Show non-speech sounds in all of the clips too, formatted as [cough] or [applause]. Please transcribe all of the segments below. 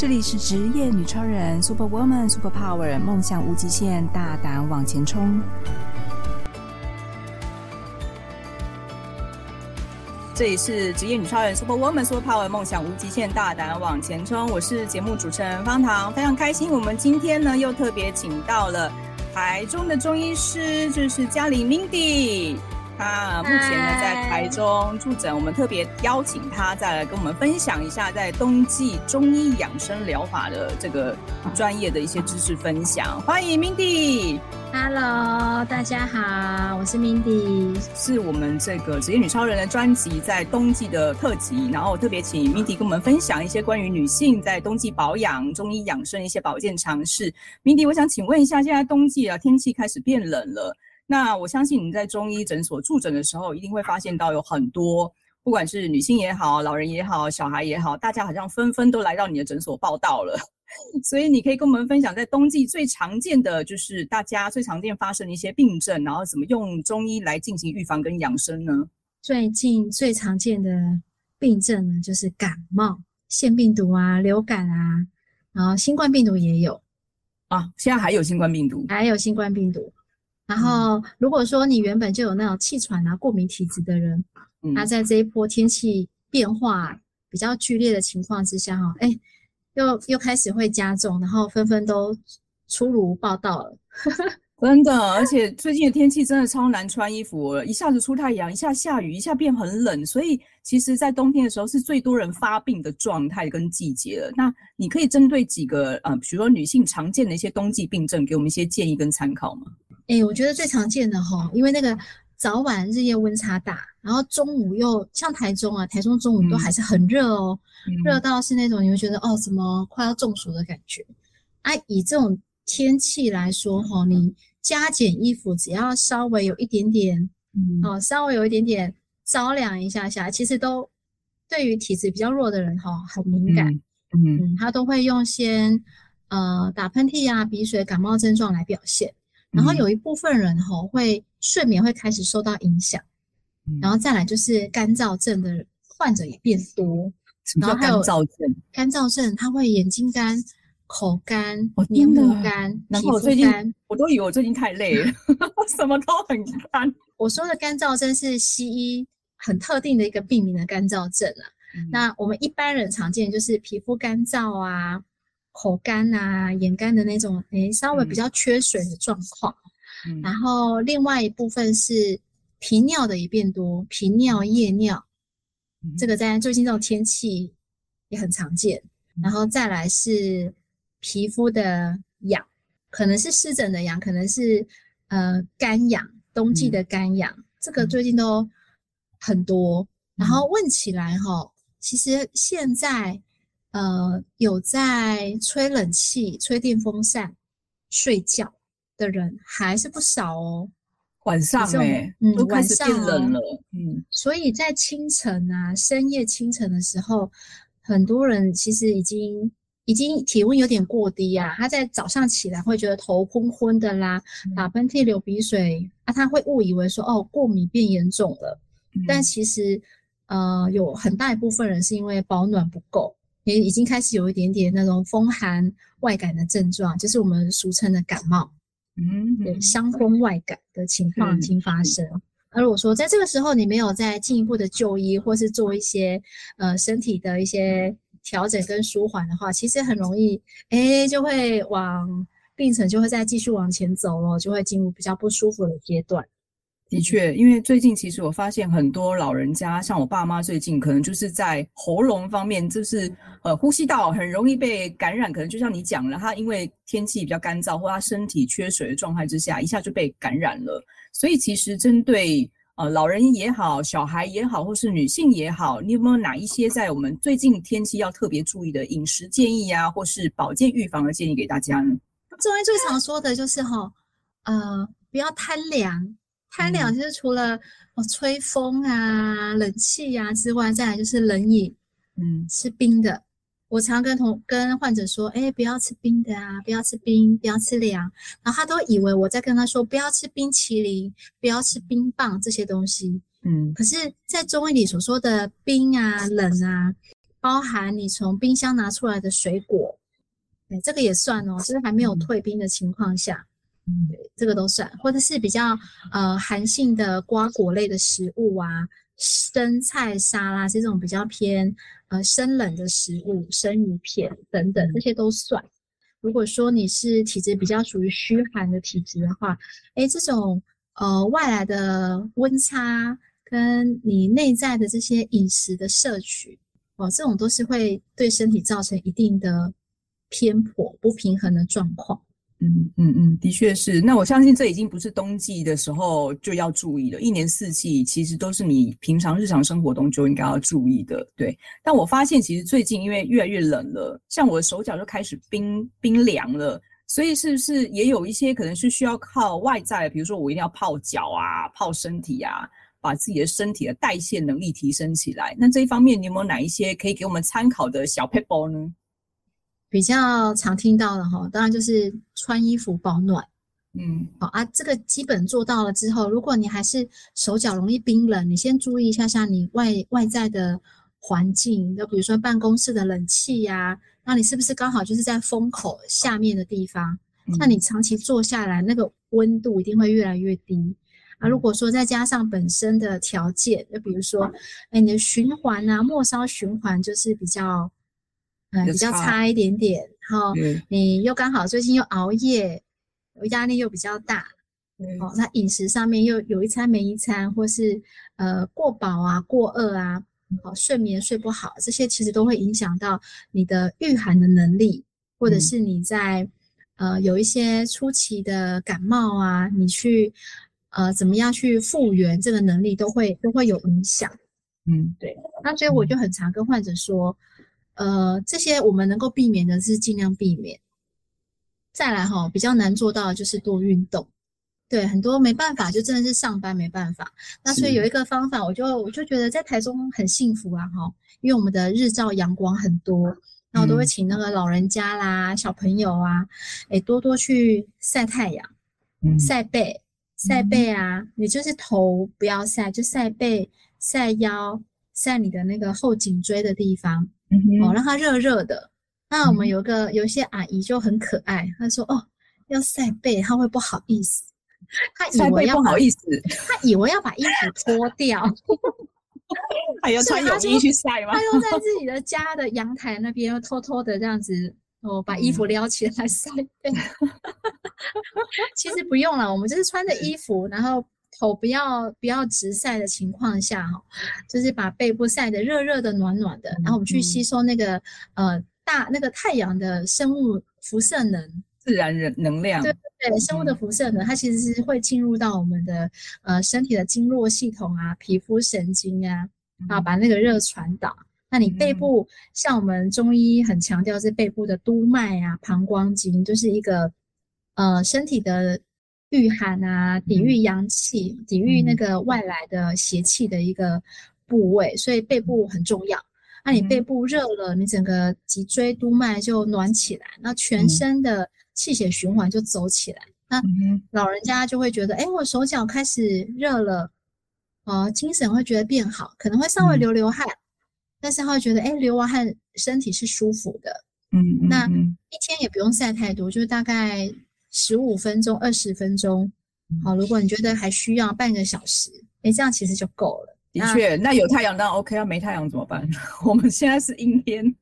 這裡是職業女超人，Super Woman，Super Power，夢想無極限，大膽往前衝。這裡是職業女超人，Super Woman，Super Power，夢想無極限，大膽往前衝。我是節目主持人方糖，非常開心，我們今天呢又特別請到了台中的中醫師，就是佳玲 Mindy。他目前呢在台中駐診，我們特別邀請他再來跟我們分享一下在冬季中醫養生療法的這個專業的一些知識分享。歡迎 Mindy，Hello，大家好，我是 Mindy，是我們這個職業女超人的專輯在冬季的特輯，然後特別請 Mindy 跟我們分享一些關於女性在冬季保養中醫養生一些保健常識。Mindy，我想請問一下，現在冬季啊，天氣開始變冷了。那我相信你在中醫診所駐診的時候，一定會發現到有很多，不管是女性也好，老人也好，小孩也好，大家好像紛紛都來到你的診所報到了。 [laughs] 所以你可以跟我們分享，在冬季最常見的就是大家最常見發生的一些病症，然後怎麼用中醫來進行預防跟養生呢？最近最常見的病症呢，就是感冒、腺病毒啊、流感啊，然後新冠病毒也有。啊，現在還有新冠病毒？還有新冠病毒。然後，如果說你原本就有那種氣喘啊、過敏體質的人，嗯、那在這一波天氣變化比較劇烈的情況之下，哈、哎，又又開始會加重，然後紛紛都出爐報道了。 [laughs] 真的，而且最近的天氣真的超難穿衣服了，一下子出太陽，一下下雨，一下變很冷，所以其實，在冬天的時候是最多人發病的狀態跟季節了。那你可以針對幾個、呃、比如說女性常見的一些冬季病症，給我們一些建議跟參考嗎？哎、欸，我覺得最常見的哈，因為那個早晚日夜溫差大，然後中午又像台中啊，台中中午都還是很熱哦，嗯、熱到是那種你會覺得、嗯、哦，什麼快要中暑的感覺。哎、啊，以這種天氣來說哈，你加減衣服只要稍微有一點點，嗯、哦，稍微有一點點着涼一下下，其實都對於體質比較弱的人哈很敏感嗯嗯，嗯，他都會用先呃打噴嚏啊、鼻水、感冒症狀來表現。然後有一部分人吼會睡眠會開始受到影響、嗯，然後再來就是乾燥症的患者也變多，什麼叫乾燥症，乾燥症他會眼睛乾、口乾、黏、哦、膜乾，皮膚乾。然後我最近我都以為我最近太累了，我、嗯、 [laughs] 什麼都很乾。我說的乾燥症是西醫很特定的一個病名的乾燥症啊，嗯、那我們一般人常見的就是皮膚乾燥啊。口乾啊，眼乾的那種，誒，稍微比較缺水的狀況。嗯、然後另外一部分是頻尿的也變多，頻尿、夜尿，這個在最近這種天氣也很常見。嗯、然後再來是皮膚的癢、嗯，可能是濕疹的癢，可能是呃乾癢，冬季的乾癢，這個最近都很多。嗯、然後問起來哈，其實現在。呃，有在吹冷氣、吹電風扇、睡覺的人還是不少哦。晚上沒、欸？嗯，晚上變冷了。嗯，所以在清晨啊、深夜清晨的時候，嗯、很多人其實已經已經體溫有點過低啊。他在早上起來會覺得頭昏昏的啦，嗯、打噴嚏、流鼻水啊，他會誤以為說哦過敏變嚴重了、嗯，但其實呃有很大一部分人是因為保暖不夠。也已經開始有一點點那種風寒外感的症狀，就是我們俗稱的感冒，嗯，傷風外感的情況已經發生。那、嗯嗯嗯、如果說在這個時候你沒有再進一步的就醫，或是做一些呃身體的一些調整跟舒緩的話，其實很容易，哎，就會往病程就會再繼續往前走了，就會進入比較不舒服的階段。的確，因為最近其實我發現很多老人家，像我爸媽最近可能就是在喉嚨方面，就是呃呼吸道很容易被感染。可能就像你講了，他因為天氣比較乾燥，或他身體缺水的狀態之下，一下就被感染了。所以其實針對呃老人也好，小孩也好，或是女性也好，你有沒有哪一些在我們最近天氣要特別注意的飲食建議啊，或是保健預防的建議給大家呢？中醫最常說的就是吼，呃，不要貪涼。貪涼就是除了我吹風啊、冷氣啊之外，再來就是冷飲，嗯，吃冰的。我常跟同跟患者說，哎、欸，不要吃冰的啊，不要吃冰，不要吃涼。然後他都以為我在跟他說，不要吃冰淇淋，不要吃冰棒這些東西。嗯，可是，在中醫裡所說的冰啊、冷啊，包含你從冰箱拿出來的水果，哎，這個也算哦，就是，是還沒有退冰的情況下。這個都算，或者是比較呃寒性的瓜果類的食物啊，生菜沙拉這種比較偏呃生冷的食物，生魚片等等，這些都算。如果說你是體質比較屬於虛寒的體質的話，誒，這種呃外來的溫差跟你內在的這些飲食的攝取哦，呃，這種都是會對身體造成一定的偏頗不平衡的狀況。嗯嗯嗯，的確是。那我相信這已經不是冬季的時候就要注意了，一年四季其實都是你平常日常生活當中就應該要注意的。對，但我發現其實最近因為越來越冷了，像我的手腳就開始冰冰涼了，所以是不是也有一些可能是需要靠外在，比如說我一定要泡腳啊、泡身體啊，把自己的身體的代謝能力提升起來。那這一方面你有沒有哪一些可以給我們參考的小撇步呢？比較常聽到的哈，當然就是穿衣服保暖，嗯，好啊，這個基本做到了之後，如果你還是手腳容易冰冷，你先注意一下下，像你外外在的環境，就比如說辦公室的冷氣呀、啊，那你是不是剛好就是在風口下面的地方？嗯、那你長期坐下來，那個溫度一定會越來越低、嗯、啊。如果說再加上本身的條件，就比如說，誒、欸、你的循環吶、啊，末梢循環就是比較。嗯，比較差一點點，然後你又剛好最近又熬夜，yeah. 壓力又比較大，mm. 哦，那飲食上面又有一餐沒一餐，或是呃過飽啊、過餓啊，好、呃，睡眠睡不好，這些其實都會影響到你的禦寒的能力，或者是你在、mm. 呃有一些初期的感冒啊，你去呃怎麼樣去復原這個能力，都會都會有影響。Mm. 嗯，對，那所以我就很常跟患者說。呃，這些我們能夠避免的是盡量避免。再來哈，比較難做到的就是多運動。對，很多沒辦法，就真的是上班沒辦法。那所以有一個方法，我就我就覺得在台中很幸福啊哈，因為我們的日照陽光很多，那我都會請那個老人家啦、嗯、小朋友啊，誒、欸、多多去曬太陽，曬、嗯、背、曬背啊，你就是頭不要曬，就曬背、曬腰、曬你的那個後頸椎的地方。嗯、哦，讓它熱熱的。那我們有個、嗯、有些阿姨就很可愛，她說：“哦，要曬背，她會不好意思，她以為要不好意思，她以為要把衣服脫掉， [laughs] 還要穿泳衣去曬嗎？她又在自己的家的陽台那邊，又偷偷的這樣子哦，把衣服撩起來曬背。嗯、 [laughs] 其實不用了，我們就是穿着衣服，嗯、然後。”頭不要不要直曬的情況下哈，就是把背部曬得熱熱的、暖暖的，然後我們去吸收那個、嗯、呃大那個太陽的生物輻射能，自然能能量。對，對對，生物的輻射能，它其實是會進入到我們的、嗯、呃身體的經絡系統啊、皮膚神經啊啊，把那個熱傳導、嗯。那你背部、嗯、像我們中醫很強調是背部的督脈啊、膀胱經，就是一個呃身體的。御寒啊，抵御陽氣、嗯，抵御那個外來的邪氣的一個部位，嗯、所以背部很重要。那、嗯啊、你背部熱了，你整個脊椎督脈就暖起來、嗯，那全身的氣血循環就走起來、嗯。那老人家就會覺得，哎，我手腳開始熱了，呃精神會覺得變好，可能會稍微流流汗，嗯、但是他會覺得，哎，流完汗身體是舒服的。嗯，那一天也不用曬太多，就是大概。十五分鐘、二十分鐘，好。如果你覺得還需要半個小時，誒、欸，這樣其實就夠了。的確、啊，那有太陽當然 OK，要、啊、沒太陽怎麼辦？我們現在是陰天，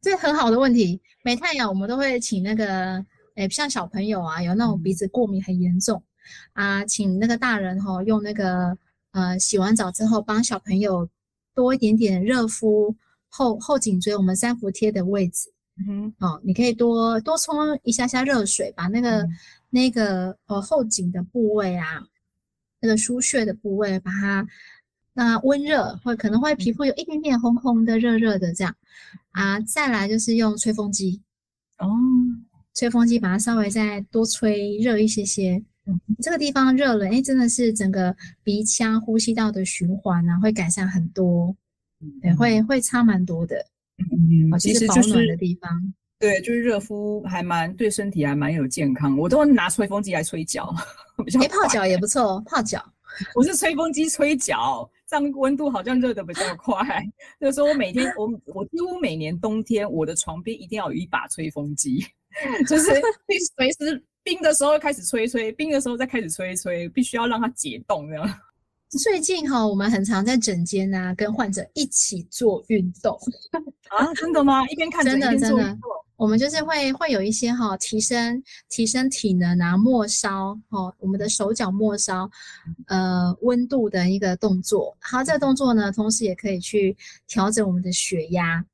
這很好的問題。沒太陽，我們都會請那個，誒、欸，像小朋友啊，有那種鼻子過敏很嚴重啊，請那個大人哈、哦，用那個呃，洗完澡之後幫小朋友多一點點熱敷後後頸椎，我們三伏貼的位置。嗯哼，哦，你可以多多沖一下下熱水，把那個、嗯、那個呃、哦、後頸的部位啊，那個腧穴的部位，把它那、呃、溫熱，會，可能會皮膚有一點點紅紅的、熱熱的這樣啊。再來就是用吹風機哦，吹風機把它稍微再多吹熱一些些，嗯、這個地方熱了，哎，真的是整個鼻腔、呼吸道的循環啊會改善很多，嗯、對，會會差蠻多的。嗯，其實就是。的地方。對，就是熱敷還蠻對身體還蠻有健康，我都拿吹風機來吹腳，沒、欸、泡腳也不錯哦，泡腳。我是吹風機吹腳，這樣溫度好像熱得比較快。就 [laughs] 是說我每天我我幾乎每年冬天，我的床邊一定要有一把吹風機，就是隨時冰的時候開始吹吹，冰的時候再開始吹吹，必須要讓它解凍這樣。最近哈，我們很常在診間吶，跟患者一起做運動啊。真的嗎？一邊看着一邊做。真的真的。我們就是會會有一些哈，提升提升體能啊，末梢哈，我們的手腳末梢呃溫度的一個動作。好，這個動作呢，同時也可以去調整我們的血壓，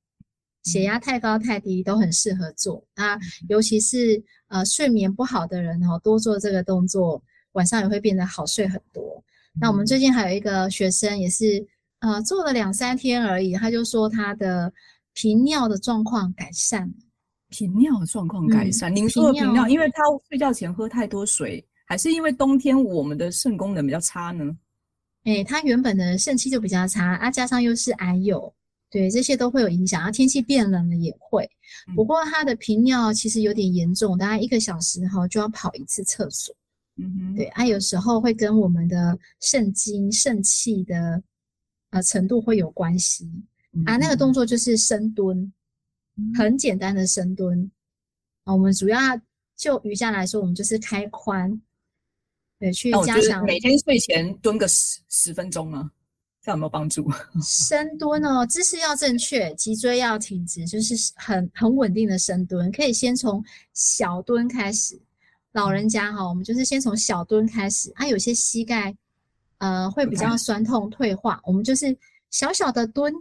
血壓太高太低都很適合做。啊，尤其是呃睡眠不好的人哈，多做這個動作，晚上也會變得好睡很多。那我們最近還有一個學生也是，呃，做了兩三天而已，他就說他的頻尿的狀況改善，頻尿的狀況改善，嗯、您說的頻尿，頻尿，因為他睡覺前喝太多水，還是因為冬天我們的腎功能比較差呢？哎、嗯、欸，他原本的腎氣就比較差，啊，加上又是癌友，對，這些都會有影響，然後，啊，天氣變冷了也會。不過他的頻尿其實有點嚴重，大概一個小時後就要跑一次廁所。嗯、mm、哼 -hmm.，對啊，有時候會跟我們的腎精、腎氣的呃程度會有關係啊。那個動作就是深蹲，mm -hmm. 很簡單的深蹲，啊。我們主要就瑜伽來說，我們就是開髖，對，去加強。哦就是，每天睡前蹲個十十分鐘啊，看有沒有幫助。 [laughs] 深蹲哦，姿勢要正確，脊椎要挺直，就是很很穩定的深蹲。可以先從小蹲開始。老人家哈，我們就是先從小蹲開始他、啊、有些膝蓋呃會比較酸痛，Okay. 退化，我們就是小小的蹲，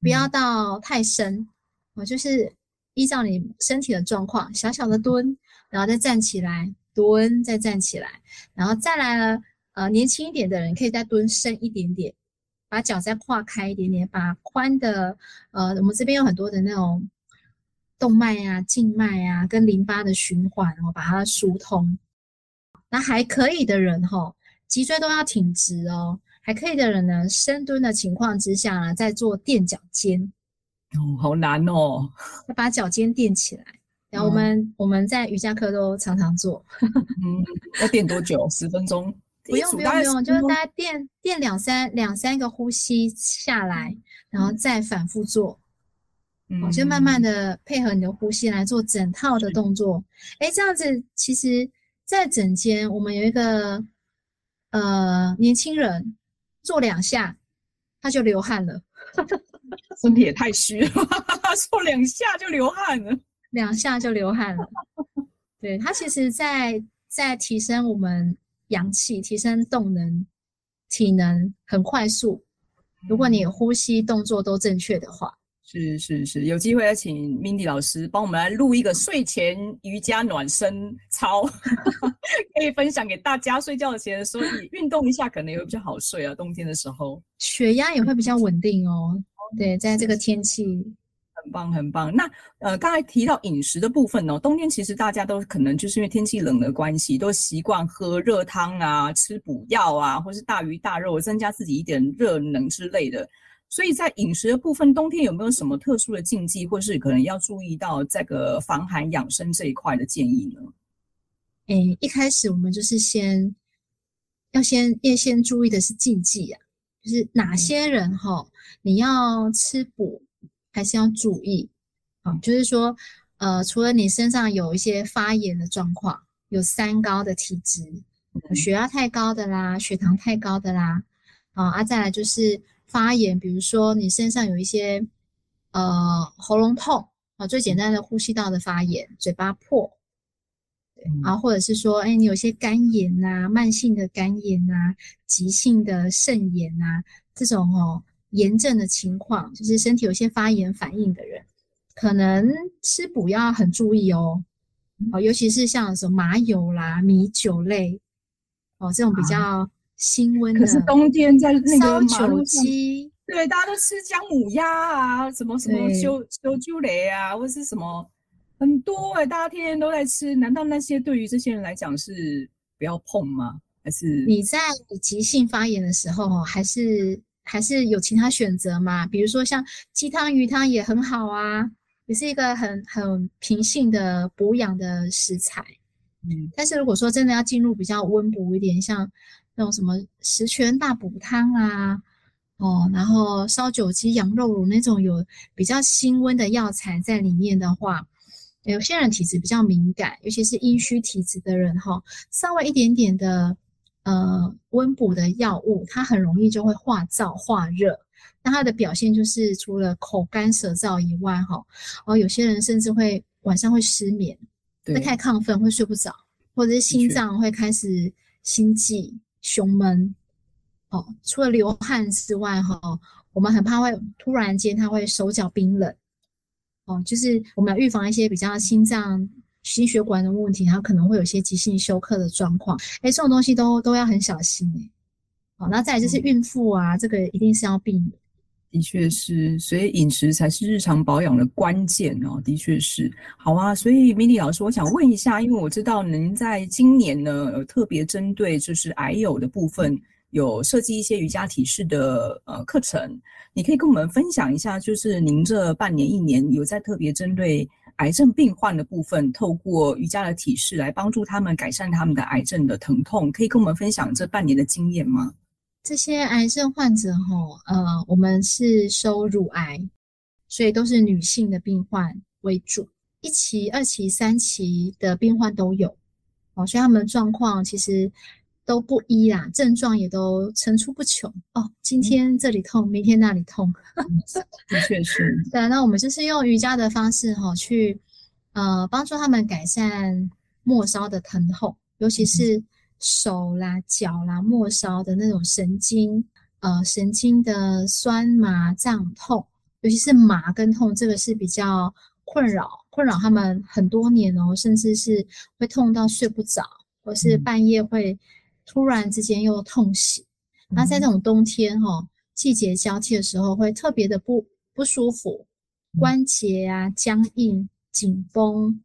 不要到太深，我、嗯、就是依照你身體的狀況小小的蹲，然後再站起來蹲，再站起來，然後再來了呃年輕一點的人可以再蹲深一點點，把腳再跨開一點點，把寬的呃我們這邊有很多的那種。動脈呀、啊、靜脈啊，跟淋巴的循環，哦，把它疏通。那還可以的人吼、哦，脊椎都要挺直哦。還可以的人呢，深蹲的情況之下呢，再做墊腳尖。哦，好難哦！要把腳尖墊起來。然後我們、嗯、我們在瑜伽課都常常做。 [laughs] 嗯，要墊多久？十分鐘？不用不用不用，就是大家墊墊兩三兩三個呼吸下來，然後再反復做。嗯我就慢慢的配合你的呼吸來做整套的動作。誒，這樣子其實，在診間我們有一個呃年輕人做兩下，他就流汗了，身體也太虛了，做 [laughs] 兩下就流汗了，兩下就流汗了。對他，其實在在提升我們陽氣，提升動能、體能，很快速。如果你呼吸動作都正確的話。是是是，有機會要請 Mindy 老師幫我們來錄一個睡前瑜伽暖身操， [laughs] 可以分享給大家睡覺前。所以運動一下可能也會比較好睡啊，冬天的時候血壓也會比較穩定哦、嗯。對，在這個天氣很棒很棒。那呃，剛才提到飲食的部分哦，冬天其實大家都可能就是因為天氣冷的關係，都習慣喝熱湯啊、吃補藥啊，或是大魚大肉增加自己一點熱能之類的。所以在飲食的部分，冬天有沒有什麼特殊的禁忌，或是可能要注意到這個防寒養生這一塊的建議呢？嗯、欸，一開始我們就是先要先，要先注意的是禁忌啊，就是哪些人哈，你要吃補，還是要注意啊、嗯，就是說，呃，除了你身上有一些發炎的狀況，有三高的體質、嗯，血壓太高的啦，血糖太高的啦，啊，再來就是。發炎，比如說你身上有一些，呃，喉嚨痛啊，最簡單的呼吸道的發炎，嘴巴破，對啊，或者是說，誒，你有些肝炎吶、啊，慢性的肝炎吶、啊，急性的腎炎吶、啊，這種哦，炎症的情況，就是身體有些發炎反應的人，可能吃補要很注意哦，哦，尤其是像什麼麻油啦、米酒類，哦，這種比較。新溫的燒酒雞，對，大家都吃薑母鴨啊，什麼什麼燒燒酒雷啊，或是什麼很多哎、欸，大家天天都在吃。難道那些對於這些人來講是不要碰嗎？還是你在急性發炎的時候，還是還是有其他選擇嗎？比如說像雞湯、魚湯也很好啊，也是一個很很平性的補養的食材。嗯，但是如果說真的要進入比較溫補一點，像那種什麼十全大補湯啊，哦，然後燒酒雞、羊肉爐，那種有比較辛溫的藥材在裡面的話，有些人體質比較敏感，尤其是陰虛體質的人哈，稍微一點點的呃溫補的藥物，它很容易就會化燥化熱。那它的表現就是除了口乾舌燥以外哈，哦，有些人甚至會晚上會失眠，會太亢奮會睡不着，或者是心臟會開始心悸。胸悶，哦，除了流汗之外，哈，哦，我們很怕會突然間他會手腳冰冷，哦，就是我們要預防一些比較心臟、心血管的問題，然後可能會有些急性休克的狀況，誒，這種東西都都要很小心，哎，好，那再來就是孕婦啊，嗯，這個一定是要避免。的確是，所以飲食才是日常保養的關鍵哦。的確是，好啊。所以 Mindy 老師，我想問一下，因為我知道您在今年呢，呃，特別針對就是癌友的部分，有設計一些瑜伽體式的呃課程。你可以跟我們分享一下，就是您這半年一年有在特別針對癌症病患的部分，透過瑜伽的體式來幫助他們改善他們的癌症的疼痛，可以跟我們分享這半年的經驗嗎？這些癌症患者齁，呃，我們是收乳癌，所以都是女性的病患為主，一期、二期、三期的病患都有，哦，所以他們狀況其實都不一啦，症狀也都層出不窮哦，今天這裡痛，明天那裡痛，的、 [laughs] 嗯、確是， [laughs] 對，那我們就是用瑜伽的方式齁，去呃幫助他們改善末梢的疼痛，尤其是。手啦、腳啦、末梢的那種神經，呃，神經的酸麻脹痛，尤其是麻跟痛，這個是比較困擾，困擾他們很多年哦，甚至是會痛到睡不着，或是半夜會突然之間又痛醒、嗯。那在這種冬天哈、哦，季節交替的時候，會特別的不不舒服，嗯、關節啊僵硬、緊繃。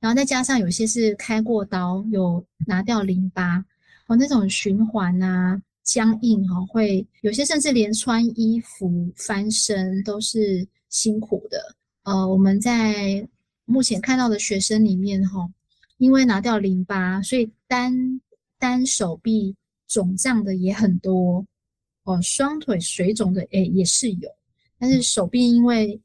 然後再加上有些是開過刀，有拿掉淋巴，哦，那種循環啊、僵硬哈、哦，會有些甚至連穿衣服、翻身都是辛苦的。呃，我們在目前看到的學生裡面哈、哦，因為拿掉淋巴，所以單單手臂腫脹的也很多，哦，雙腿水腫的誒也是有，但是手臂因為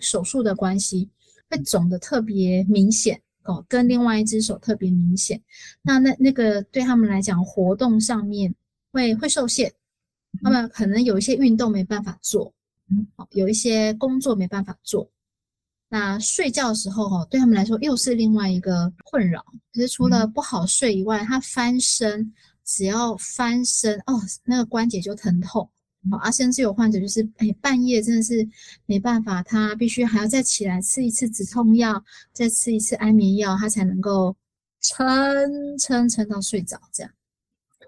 手術的關係。會腫得特別明顯哦，跟另外一只手特別明顯。那那那個對他們來講，活動上面會會受限，他們可能有一些運動沒辦法做，嗯，好、哦，有一些工作沒辦法做。那睡覺的時候哦，對他們來說又是另外一個困擾。其實除了不好睡以外，他翻身只要翻身哦，那個關節就疼痛。啊，甚至有患者就是，哎、欸，半夜真的是沒辦法，他必須還要再起來吃一次止痛藥，再吃一次安眠藥，他才能夠撐撐撐到睡着這樣。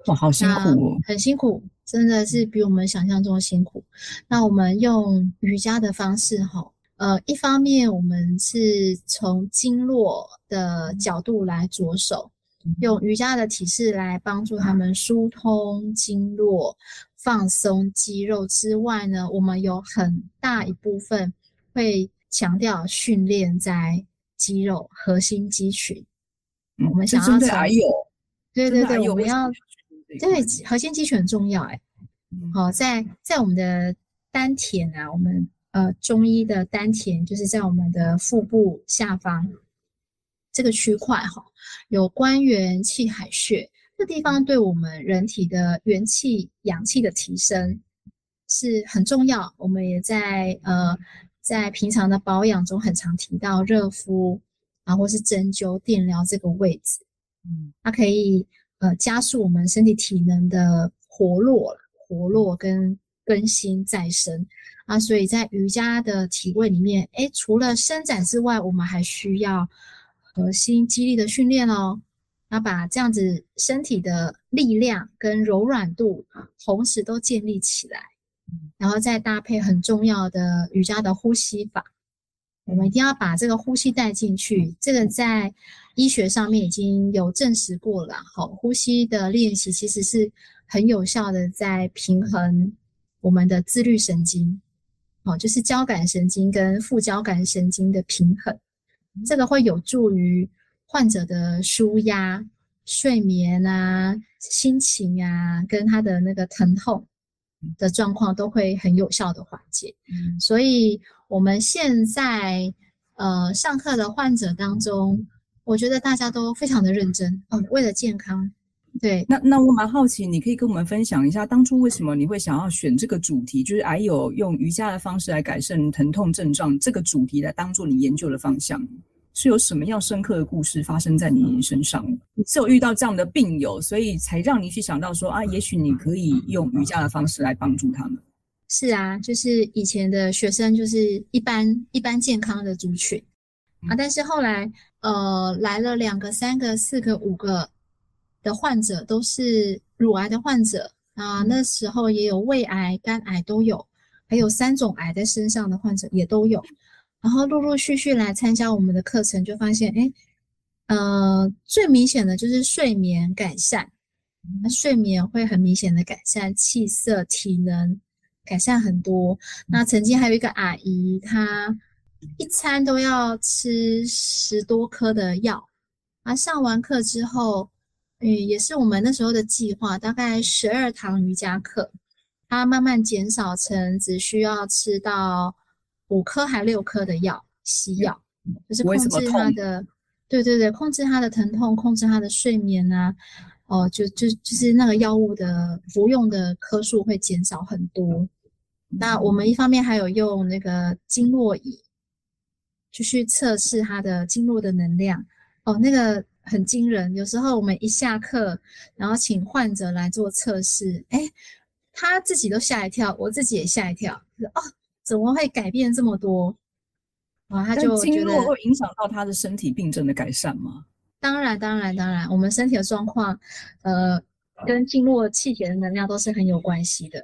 哇，好辛苦哦、嗯！很辛苦，真的是比我們想象中的辛苦。那我們用瑜伽的方式，哈，呃，一方面我們是從經絡的角度來着手。用瑜伽的體式來幫助他們疏通經絡，嗯、經絡、放鬆肌肉之外呢，我們有很大一部分會強調訓練在肌肉核心肌群。嗯、我們想要才有，對對對，我們要，因為核心肌群很重要哎。好、嗯哦，在在我們的丹田啊，我們呃中醫的丹田就是在我們的腹部下方。嗯嗯這個區塊哈、哦，有關元、氣海穴，這地方對我們人體的元氣、陽氣的提升是很重要。我們也在呃，在平常的保養中，很常提到熱敷啊，或是針灸、電療這個位置，嗯，它可以呃加速我們身體體能的活絡活絡跟更新再生啊。所以在瑜伽的體位裡面，哎，除了伸展之外，我們還需要。核心肌力的訓練哦，要把這樣子身體的力量跟柔軟度同時都建立起來，然後再搭配很重要的瑜伽的呼吸法，我們一定要把這個呼吸帶進去。這個在醫學上面已經有證實過了，好，呼吸的練習其實是很有效的，在平衡我們的自律神經，哦，就是交感神經跟副交感神經的平衡。這個會有助於患者的舒壓、睡眠啊、心情啊，跟他的那個疼痛的狀況都會很有效的緩解。嗯、所以我們現在呃上課的患者當中、嗯，我覺得大家都非常的認真嗯，為了健康。對，那那我蠻好奇，你可以跟我們分享一下，當初為什麼你會想要選這個主題，就是癌友用瑜伽的方式來改善疼痛症狀這個主題來當做你研究的方向，是有什麼樣深刻的故事發生在你身上？你只有遇到這樣的病友，所以才讓你去想到說啊，也許你可以用瑜伽的方式來幫助他們？是啊，就是以前的學生就是一般一般健康的族群啊，但是後來呃來了兩個、三個、四個、五個。的患者都是乳癌的患者啊，那時候也有胃癌、肝癌都有，還有三種癌在身上的患者也都有。然後陸陸續續來參加我們的課程，就發現，哎，呃，最明顯的就是睡眠改善，睡眠會很明顯的改善，氣色、體能改善很多。那曾經還有一個阿姨，她一餐都要吃十多顆的藥，啊，上完課之後。嗯，也是我們那時候的計劃，大概十二堂瑜伽課，他慢慢減少成只需要吃到五顆還六顆的藥，西藥就是控制他的，對對對，控制他的疼痛，控制他的睡眠啊，哦，就就就是那個藥物的服用的顆數會減少很多。那我們一方面還有用那個經絡儀，就去測試他的經絡的能量哦，那個。很驚人，有時候我們一下課，然後請患者來做測試，哎，他自己都嚇一跳，我自己也嚇一跳，啊、哦，怎麼會改變這麼多？啊，他就覺得。經絡會影響到他的身體病症的改善嗎？當然，當然，當然，我們身體的狀況，呃，啊、跟經絡氣血的能量都是很有關係的，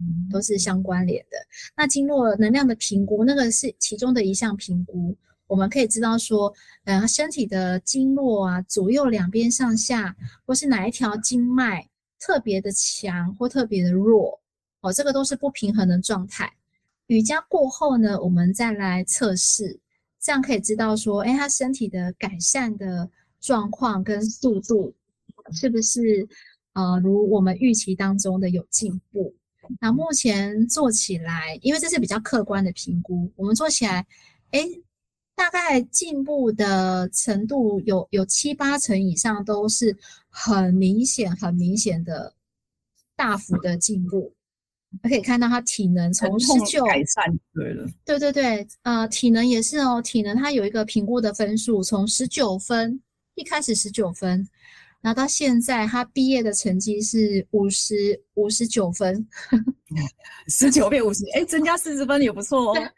嗯，都是相關聯的。那經絡能量的評估，那個是其中的一項評估。我們可以知道說，呃，身體的經絡啊，左右兩邊上下，或是哪一條經脈特別的強或特別的弱，哦，這個都是不平衡的狀態。瑜伽過後呢，我們再來測試，這樣可以知道說，哎，他身體的改善的狀況跟速度是不是，呃，如我們預期當中的有進步。那，啊，目前做起來，因為這是比較客觀的評估，我們做起來，誒大概進步的程度有有七八成以上，都是很明顯、很明顯的大幅的進步。可以看到他體能從十九改善，對了，對對對，呃，體能也是哦，體能他有一個評估的分數，從十九分一開始，十九分，然後到現在他畢業的成績是五十五十九分，十九變五十，哎、 [laughs] 欸，增加四十分也不錯哦。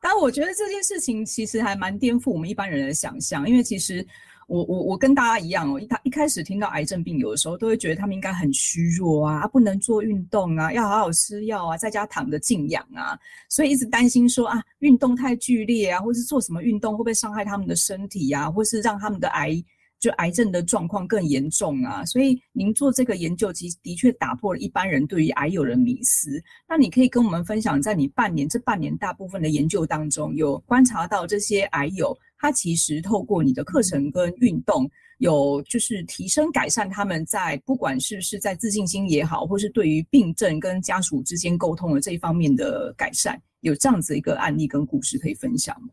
但我覺得這件事情其實還蠻顛覆我們一般人的想象，因為其實我我我跟大家一樣哦，一他一開始聽到癌症病友的時候都會覺得他們應該很虛弱啊，不能做運動啊，要好好吃藥啊，在家躺着靜養啊，所以一直擔心說啊，運動太劇烈啊，或是做什麼運動會不會傷害他們的身體呀、啊，或是讓他們的癌。就癌症的狀況更嚴重啊，所以您做這個研究，其實的確打破了一般人對於癌友的迷思。那你可以跟我們分享，在你半年這半年大部分的研究當中，有觀察到這些癌友，他其實透過你的課程跟運動，有就是提升改善他們在不管是不是在自信心也好，或是對於病症跟家屬之間溝通的這一方面的改善，有這樣子一個案例跟故事可以分享嗎？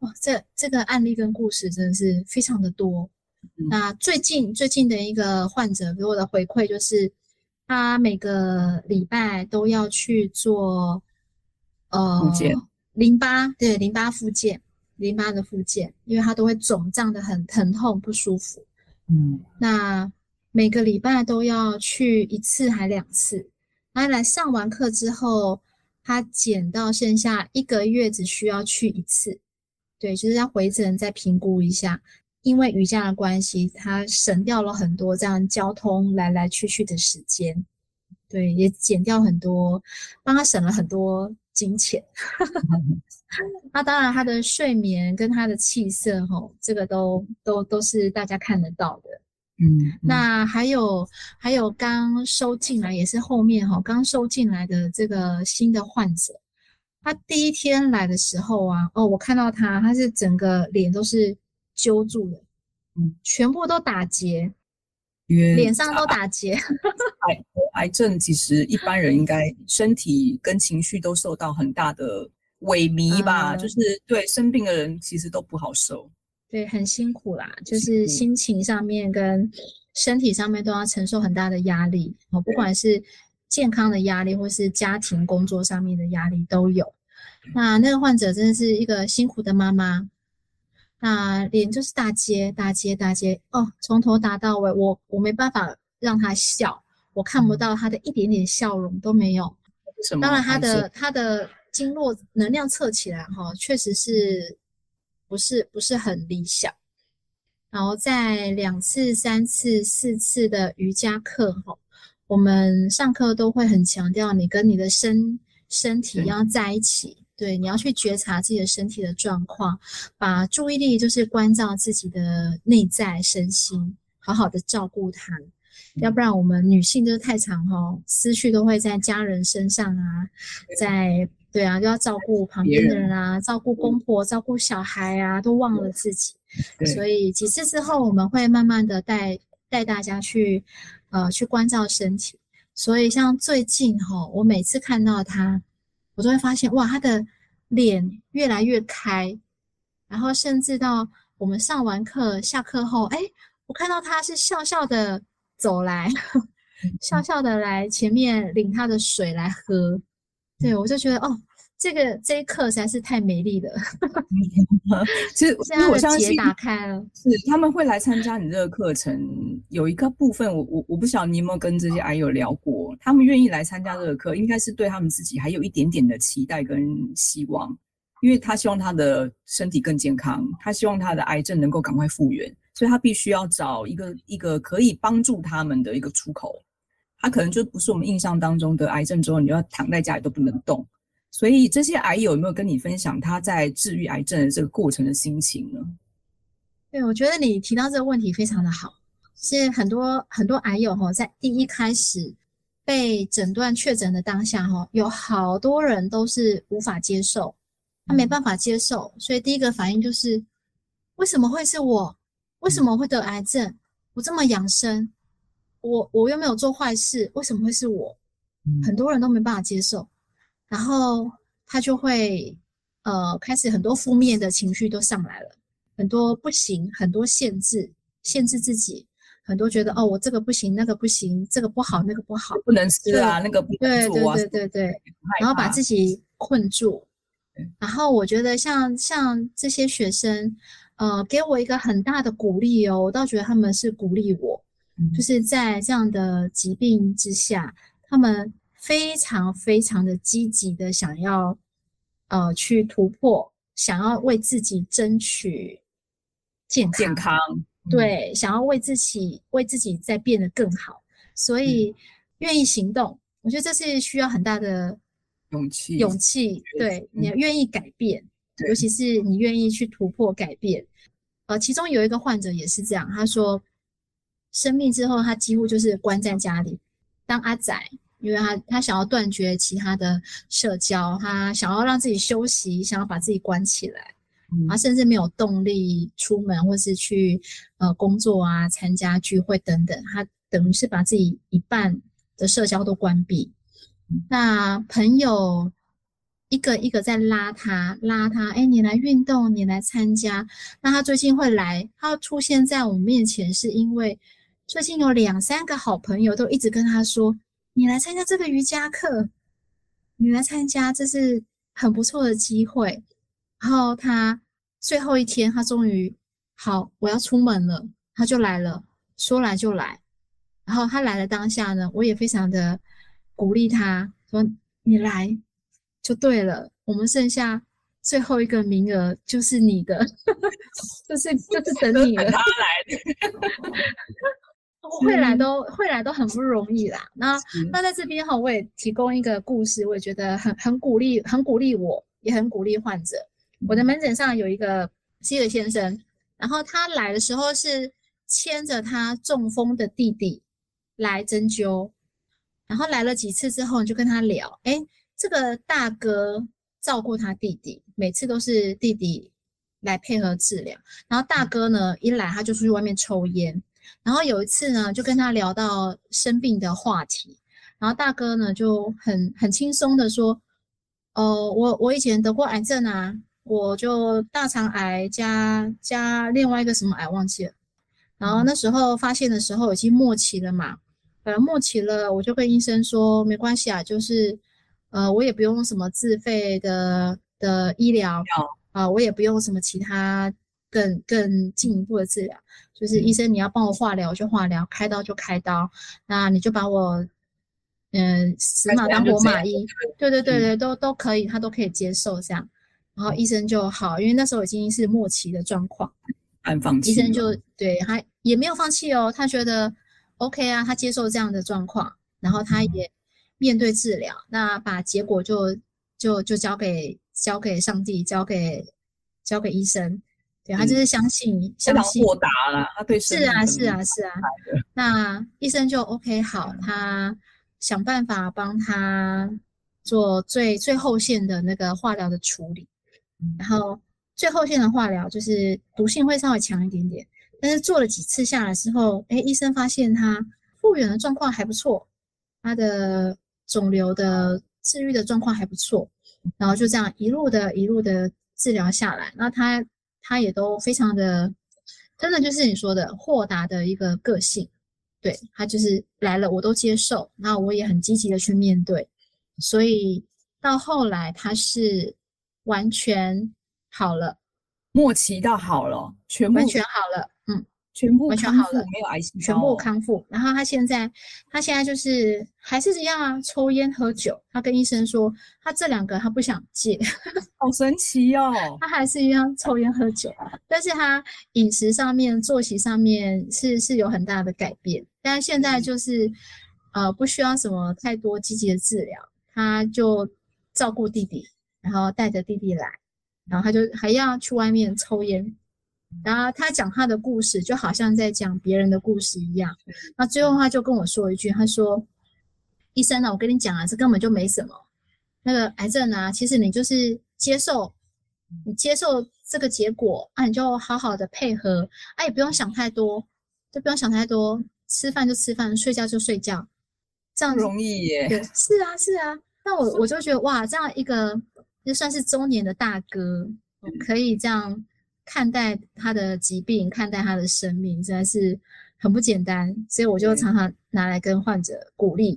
哇、哦，這這個案例跟故事真的是非常的多。嗯，那最近最近的一個患者給我的回饋就是，他每個禮拜都要去做呃淋巴，對淋巴復健，淋巴的復健，因為他都會腫脹的很疼痛不舒服。嗯，那每個禮拜都要去一次還兩次，他來上完課之後，他減到剩下一個月只需要去一次，對，就是要回診再評估一下。因為瑜伽的關係，他省掉了很多這樣交通來來去去的時間，對，也減掉很多，幫他省了很多金錢。 [laughs] 那當然，他的睡眠跟他的氣色，哈，這個都都都是大家看得到的。嗯，嗯，那還有還有剛收進來也是後面哈剛收進來的這個新的患者，他第一天來的時候啊，哦，我看到他，他是整個臉都是。揪住了，全部都打結，嗯，臉上都打結。癌 [laughs] 癌症其實一般人應該身體跟情緒都受到很大的萎靡吧，嗯、就是對生病的人其實都不好受，對，很辛苦啦，就是心情上面跟身體上面都要承受很大的壓力，哦、嗯，不管是健康的壓力或是家庭工作上面的壓力都有。那、嗯、那個患者真的是一個辛苦的媽媽。那臉就是打結打結打結，哦，從頭打到尾，我我沒辦法讓他笑，我看不到他的一點點笑容都沒有。什麼?當然，他的他的經絡能量測起來哈，確實是不是不是很理想。然後在兩次、三次、四次的瑜伽課哈，我們上課都會很強調你跟你的身身體要在一起。對，你要去覺察自己的身體的狀況，把注意力就是關照自己的內在身心，好好的照顧它。要不然我們女性就是太常吼、哦，思緒都會在家人身上啊，在對啊，都要照顧旁邊的人啊，照顧公婆，照顧小孩啊，都忘了自己。所以幾次之後，我們會慢慢的帶帶大家去，呃，去關照身體。所以像最近哈、哦，我每次看到他。我就會發現，哇，他的臉越來越開，然後甚至到我們上完課下課後，哎，我看到他是笑笑的走來，笑笑的來前面領他的水來喝，對我就覺得哦。這個這一課實在是太美麗了。 [laughs] 其實，因為我相信是他們會來參加你這個課程。有一個部分，我我我不曉得你有沒有跟這些癌友聊過、嗯，他們願意來參加這個課，應該是對他們自己還有一點點的期待跟希望，因為他希望他的身體更健康，他希望他的癌症能夠趕快復原，所以他必須要找一個一個可以幫助他們的一個出口。他可能就不是我們印象當中的癌症之後，你就要躺在家裡都不能動。所以這些癌友有沒有跟你分享他在治癒癌症的這個過程的心情呢？對，我覺得你提到這個問題非常的好。是很多很多癌友哈、哦，在第一開始被診斷確診的當下哈、哦，有好多人都是無法接受，他沒辦法接受、嗯，所以第一個反應就是：為什麼會是我？為什麼會得癌症、嗯？我這麼養生，我我又沒有做壞事，為什麼會是我？嗯、很多人都沒辦法接受。然後他就會，呃，開始很多負面的情緒都上來了，很多不行，很多限制，限制自己，很多覺得哦，我這個不行，那個不行，這個不好，那個不好，不能吃、啊，對啊，那個不、啊、對對對對對，然後把自己困住。然後我覺得像像這些學生，呃，給我一個很大的鼓勵哦，我倒覺得他們是鼓勵我，就是在這樣的疾病之下，嗯、他們。非常非常的積極的想要，呃，去突破，想要為自己爭取健康，健康對、嗯，想要為自己為自己在變得更好，所以願意行動、嗯。我覺得這是需要很大的勇氣，勇氣。對，你願意改變、嗯，尤其是你願意去突破改變。呃，其中有一個患者也是這樣，他說生病之後，他幾乎就是關在家裡，當阿宅。因為他他想要斷絕其他的社交，他想要讓自己休息，想要把自己關起來，他甚至沒有動力出門或是去呃工作啊、參加聚會等等。他等於是把自己一半的社交都關閉。那朋友一個一個在拉他，拉他，哎，你來運動，你來參加。那他最近會來，他出現在我們面前，是因為最近有兩三個好朋友都一直跟他說。你來參加這個瑜伽課，你來參加，這是很不錯的機會。然後他最後一天，他終於好，我要出門了，他就來了，說來就來。然後他來的當下呢，我也非常的鼓勵他說：“你來就對了，我們剩下最後一個名額就是你的， [laughs] 就是就是等你了。 [laughs] ”會來都、嗯、會來都很不容易啦。那、嗯、那在這邊哈，我也提供一個故事，我也覺得很很鼓勵，很鼓勵我，也很鼓勵患者。我的門診上有一個希爾先生，然後他來的時候是牽着他中風的弟弟來針灸，然後來了幾次之後，你就跟他聊，哎、欸，這個大哥照顧他弟弟，每次都是弟弟來配合治療，然後大哥呢、嗯、一來他就出去外面抽菸。然後有一次呢，就跟他聊到生病的話題，然後大哥呢就很很輕鬆的說，哦、呃，我我以前得過癌症啊，我就大腸癌加加另外一個什麼癌忘記了，然後那時候發現的時候已經末期了嘛，呃末期了，我就跟醫生說沒關係啊，就是呃我也不用什麼自費的的醫療，啊、呃、我也不用什麼其他。更更進一步的治療，就是醫生，你要幫我化療、嗯，就化療；開刀就開刀。那你就把我，嗯，死馬當活馬醫，對對對對，嗯、都都可以，他都可以接受這樣。然後醫生就好，因為那時候已經是末期的狀況，很放棄。醫生就，對，他也沒有放棄哦，他覺得 OK 啊，他接受這樣的狀況，然後他也面對治療、嗯。那把結果就就就交給交給上帝，交給交給醫生。對，他就是相信，嗯、相信豁達了，啊，對是啊，是啊，是啊。那醫生就 OK，好，他想辦法幫他做最最後線的那個化療的處理。嗯、然後最後線的化療就是毒性會稍微強一點點，但是做了幾次下來之後，哎，醫生發現他復原的狀況還不錯，他的腫瘤的治癒的狀況還不錯。然後就這樣一路的、一路的治療下來，那他。他也都非常的，真的就是你說的豁達的一個個性，對，他就是來了我都接受，然後我也很積極的去面對，所以到後來他是完全好了，默契到好了，全部完全好了。全部康復，完全好了，沒有癌，全部康復，哦，然後他現在，他現在就是還是一樣啊，抽煙喝酒。他跟醫生說，他這兩個他不想戒。好神奇哦！ [laughs] 他還是一樣抽煙喝酒， [laughs] 但是他飲食上面，作息上面是是有很大的改變。但是現在就是，嗯，呃，不需要什麼太多積極的治療，他就照顧弟弟，然後帶着弟弟來，然後他就還要去外面抽煙。然後他講他的故事，就好像在講別人的故事一樣。那最後他就跟我說一句：“他說，醫生啊，我跟你講啊，這根本就沒什麼，那個癌症啊，其實你就是接受，你接受這個結果，那、啊、你就好好的配合，啊，也不用想太多，就不用想太多，吃飯就吃飯，睡覺就睡覺，這樣容易耶。是啊，是啊。那我我就覺得哇，這樣一個就算是中年的大哥，可以這樣。”看待他的疾病，看待他的生命，真的是很不簡單，所以我就常常拿來跟患者鼓勵。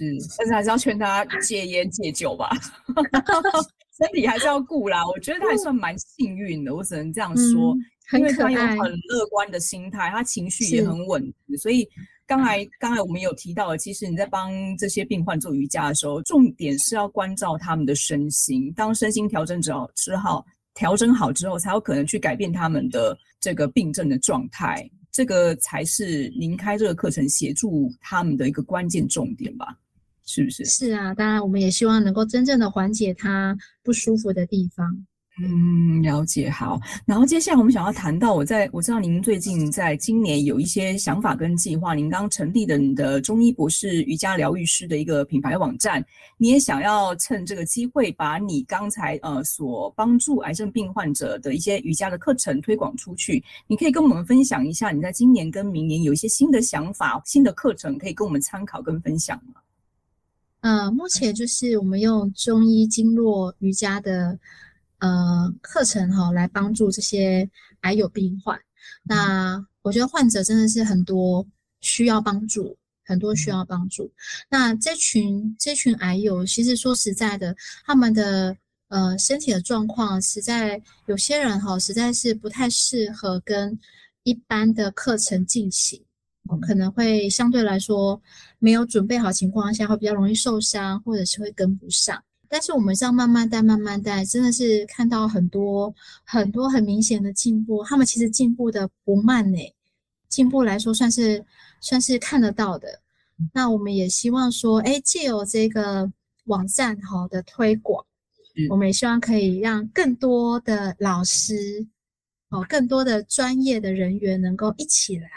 嗯，但是還是要勸他戒菸戒酒吧， [laughs] [laughs] 身體還是要顧啦。我覺得他還算蠻幸運的，嗯，我只能這樣說，嗯，因為他有很樂觀的心態，他情緒也很穩。所以剛才，剛才我們有提到的，其實你在幫這些病患做瑜伽的時候，重點是要關照他們的身心，當身心調整之後。嗯調整好之後，才有可能去改變他們的這個病症的狀態，這個才是您開這個課程協助他們的一個關鍵重點吧？是不是？是啊，當然，我們也希望能夠真正的緩解他不舒服的地方。嗯，了解，好。然後接下來我們想要談到，我在我知道您最近在今年有一些想法跟計劃，您剛成立的你的中醫博士瑜伽療癒師的一個品牌網站，你也想要趁這個機會把你剛才呃所幫助癌症病患者的一些瑜伽的課程推廣出去。你可以跟我們分享一下，你在今年跟明年有一些新的想法、新的課程，可以跟我們參考跟分享嗎？呃，目前就是我們用中醫經絡瑜伽的。呃，課程哈、哦、來幫助這些癌友病患。那我覺得患者真的是很多需要幫助，嗯、很多需要幫助。那這群這群癌友，其實說實在的，他們的呃身體的狀況實在有些人哈、哦，實在是不太適合跟一般的課程進行，嗯、可能會相對來說沒有準備好情況下，會比較容易受傷，或者是會跟不上。但是我們這樣慢慢帶，慢慢帶，真的是看到很多很多很明顯的進步。他們其實進步的不慢呢，進步來說算是算是看得到的。那我們也希望說，哎，借由這個網站好、哦、的推廣，我們也希望可以讓更多的老師，哦，更多的專業的人員能夠一起來，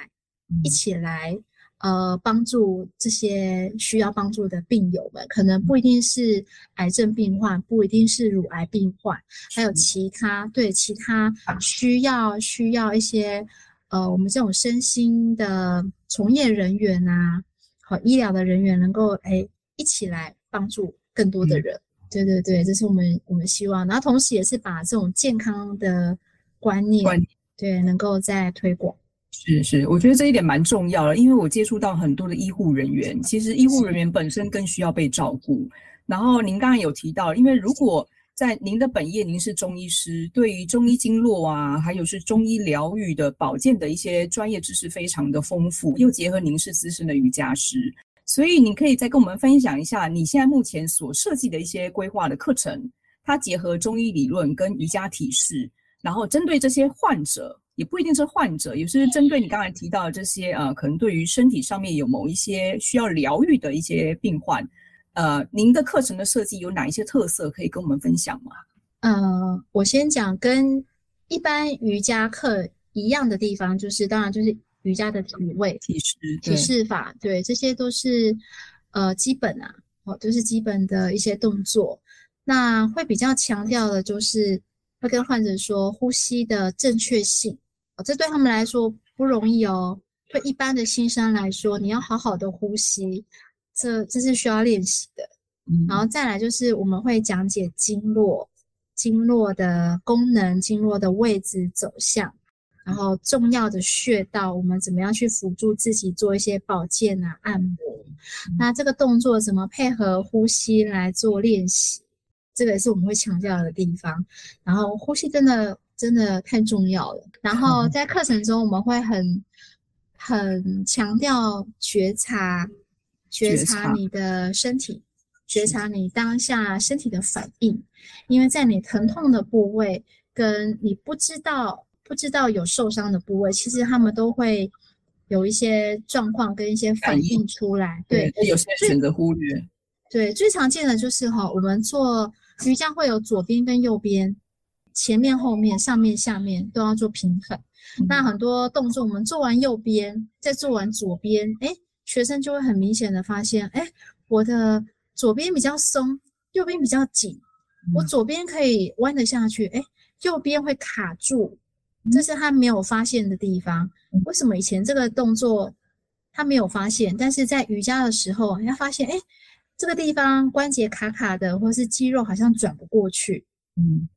嗯、一起來。呃，幫助這些需要幫助的病友們，可能不一定是癌症病患，不一定是乳癌病患，嗯、還有其他對其他需要、啊、需要一些呃，我們這種身心的從業人員啊，好，醫療的人員能夠哎、欸、一起來幫助更多的人、嗯，對對對，這是我們我們希望，然後同時也是把這種健康的觀念對能夠再推廣。是是，我覺得這一點蠻重要的，因為我接觸到很多的醫護人員，其實醫護人員本身更需要被照顧。然後您剛才有提到，因為如果在您的本業，您是中醫師，對於中醫經絡啊，還有是中醫療癒的保健的一些專業知識非常的豐富，又結合您是資深的瑜伽師，所以你可以再跟我們分享一下你現在目前所設計的一些規劃的課程，它結合中醫理論跟瑜伽體式，然後針對這些患者。也不一定是患者，也就是針對你剛才提到的這些，呃，可能對於身體上面有某一些需要療癒的一些病患，呃，您的課程的設計有哪一些特色可以跟我們分享嗎？呃，我先講跟一般瑜伽課一樣的地方，就是當然就是瑜伽的體位、體式，體式法，對，這些都是呃基本啊，哦，就是基本的一些動作。那會比較強調的就是會跟患者說呼吸的正確性。哦，這對他們來說不容易哦。對一般的新生來說，你要好好的呼吸，這這是需要練習的。嗯。然後再來就是我們會講解經絡，經絡的功能、經絡的位置走向，然後重要的穴道，我們怎麼樣去輔助自己做一些保健啊、按摩。嗯。那這個動作怎麼配合呼吸來做練習，這個也是我們會強調的地方。然後呼吸真的，真的太重要了。然後在課程中，我們會很、嗯、很強調覺察，覺察，覺察你的身體，覺察你當下身體的反應。因為在你疼痛的部位，跟你不知道不知道有受傷的部位，其實他們都會有一些狀況跟一些反應出來。對，對，對、就是，有些選擇忽略。對，最常見的就是哈、哦，我們做瑜伽會有左邊跟右邊。前面、後面、上面、下面都要做平衡。那很多動作，我們做完右邊，再做完左邊，哎，學生就會很明顯的發現，誒，我的左邊比較鬆，右邊比較緊。我左邊可以彎得下去，誒，右邊會卡住，這是他沒有發現的地方。為什麼以前這個動作他沒有發現，但是在瑜伽的時候要發現，哎，這個地方關節卡卡的，或是肌肉好像轉不過去，嗯。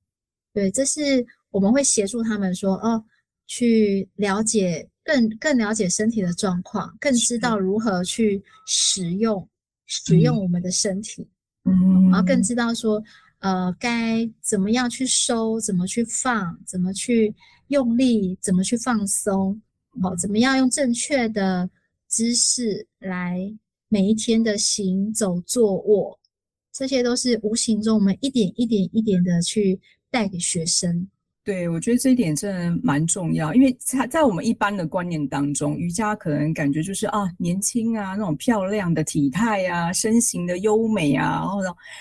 對，這是我們會協助他們說哦，去了解更更了解身體的狀況，更知道如何去使用使用我們的身體，嗯，然後更知道說呃該怎麼樣去收，怎麼去放，怎麼去用力，怎麼去放鬆，好、哦，怎麼樣用正確的姿勢來每一天的行走、坐臥，這些都是無形中我們一點一點一點的去。帶給學生，對，我覺得這一點真的蠻重要，因為它在我們一般的觀念當中，瑜伽可能感覺就是啊年輕啊，那種漂亮的體態啊，身形的優美啊，然後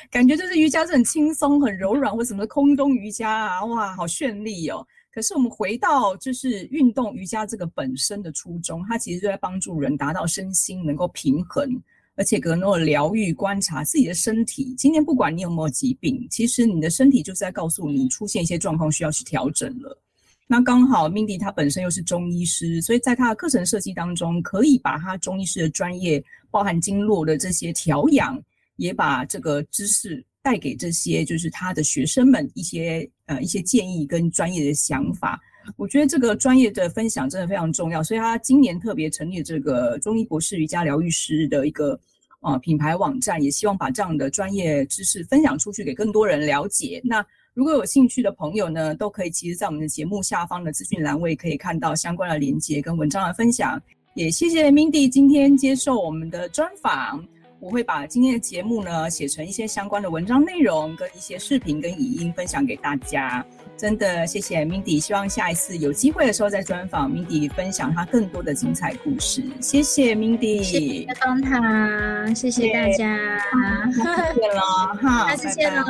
感覺就是瑜伽是很輕鬆、很柔軟，或什麼的空中瑜伽啊，哇，好絢麗哦。可是我們回到就是運動瑜伽這個本身的初衷，它其實就在幫助人達到身心能夠平衡。而且，經絡療癒，觀察自己的身體。今天不管你有沒有疾病，其實你的身體就是在告訴你出現一些狀況，需要去調整了。那剛好，Mindy 她本身又是中醫師，所以在她的課程設計當中，可以把她中醫師的專業，包含經絡的這些調養，也把這個知識帶給這些就是她的學生們一些呃一些建議跟專業的想法。我覺得這個專業的分享真的非常重要，所以他今年特別成立這個中醫博士、瑜伽療癒師的一個呃品牌網站，也希望把這樣的專業知識分享出去，給更多人了解。那如果有興趣的朋友呢，都可以其實在我們的節目下方的資訊欄位可以看到相關的鏈接跟文章的分享。也謝謝 Mindy 今天接受我們的專訪，我會把今天的節目呢寫成一些相關的文章內容，跟一些視頻跟語音分享給大家。真的謝謝 Mindy，希望下一次有機會的時候再專訪 Mindy，分享她更多的精彩故事。謝謝 Mindy，謝謝方，謝謝大家，okay, [laughs] 啊、再見嘍，哈，下 [laughs] 次見嘍，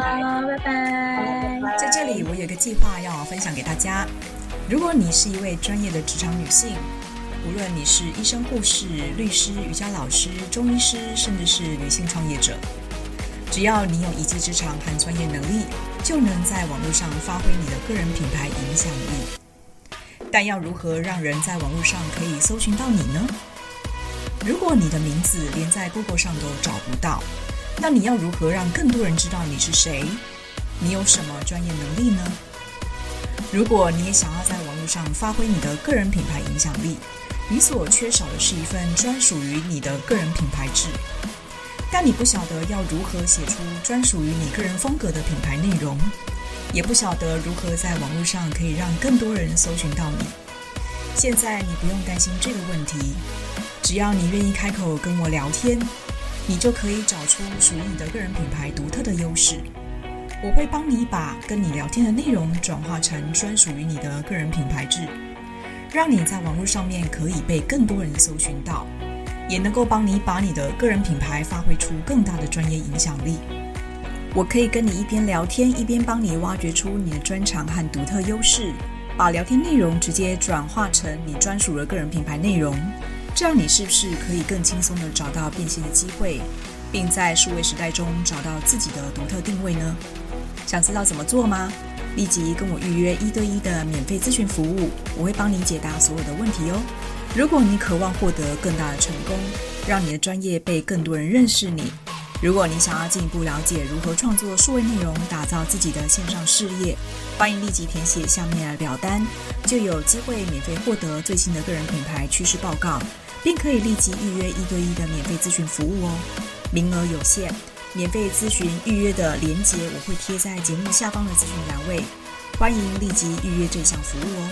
拜拜。在這裡，我有個計劃要分享給大家。如果你是一位專業的職場女性，無論你是醫生、護士、律師、瑜伽老師、中醫師，甚至是女性創業者。只要你有一技之長和專業能力，就能在網絡上發揮你的個人品牌影響力。但要如何讓人在網絡上可以搜尋到你呢？如果你的名字連在 Google 上都找不到，那你要如何讓更多人知道你是誰？你有什麼專業能力呢？如果你也想要在網絡上發揮你的個人品牌影響力，你所缺少的是一份專屬於你的個人品牌誌。但你不曉得要如何寫出專屬於你個人風格的品牌內容，也不曉得如何在網絡上可以讓更多人搜尋到你。現在你不用擔心這個問題，只要你願意開口跟我聊天，你就可以找出屬於你的個人品牌獨特的優勢。我會幫你把跟你聊天的內容轉化成專屬於你的個人品牌誌，讓你在網絡上面可以被更多人搜尋到。也能夠幫你把你的個人品牌發揮出更大的專業影響力。我可以跟你一邊聊天，一邊幫你挖掘出你的專長和獨特優勢，把聊天內容直接轉化成你專屬的個人品牌內容。這樣你是不是可以更輕鬆地找到變現的機會，並在數位時代中找到自己的獨特定位呢？想知道怎麼做嗎？立即跟我預約一對一的免費諮詢服務，我會幫你解答所有的問題哦。如果你渴望獲得更大的成功，讓你的專業被更多人認識你；如果你想要進一步了解如何創作數位內容，打造自己的線上事業，歡迎立即填寫下面的表單，就有機會免費獲得最新的個人品牌趨勢報告，並可以立即預約一對一的免費諮詢服務哦。名額有限，免費諮詢預約的鏈接我會貼在節目下方的資訊欄位，歡迎立即預約這項服務哦。